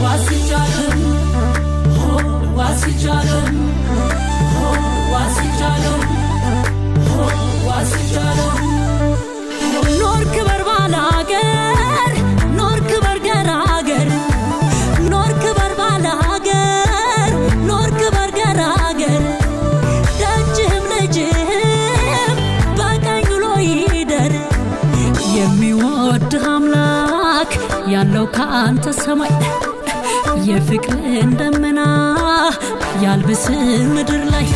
What's each other? Oh, what's each other? የምወድህ አምላክ ያለው ከአንተ ሰማይ የፍቅር ደመና ያልብስ ምድር ላይ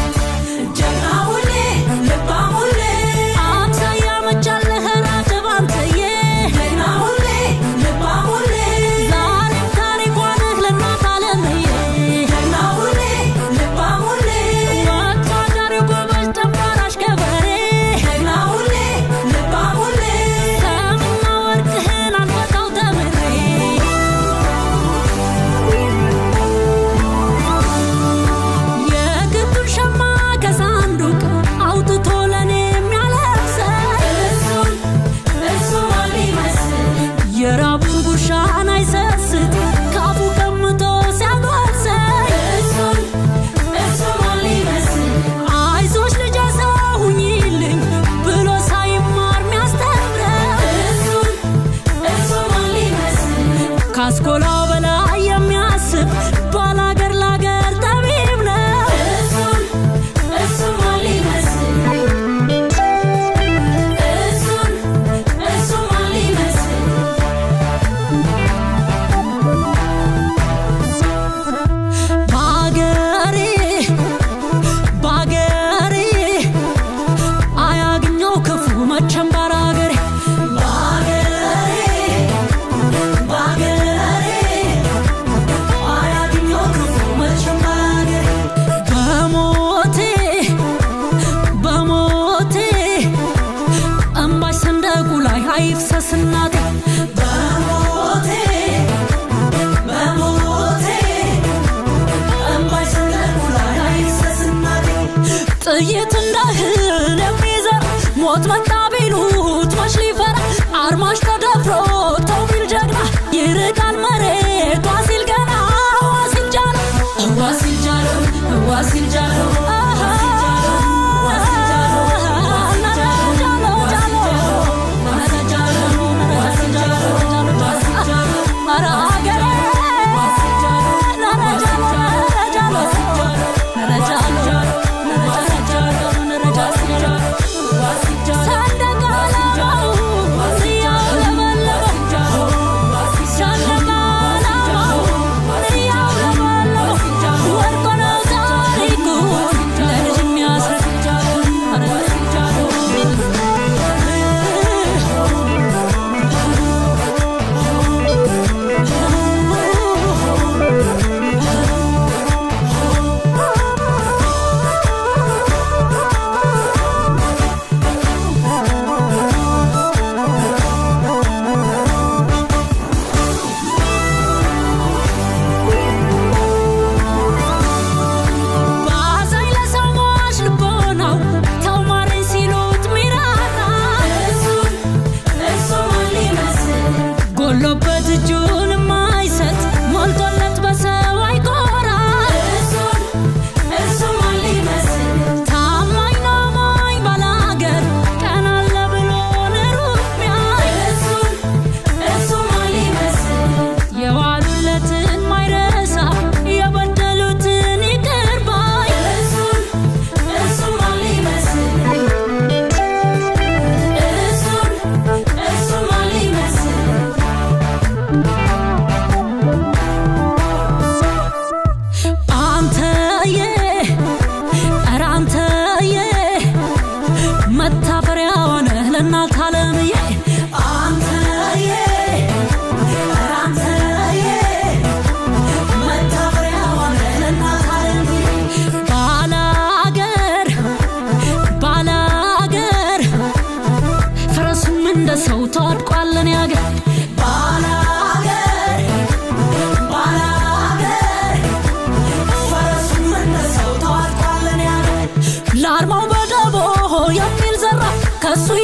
ጥይት እንዳህል የሚዘር ሞት መጣ ቢሉት መች ሊፈራ አርማሽ ተደፍሮ ተው ቢል ጀግና ይርቃል መሬት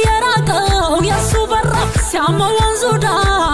የራቀው የሱ በራፍ ሲያመው ወንዙ ዳር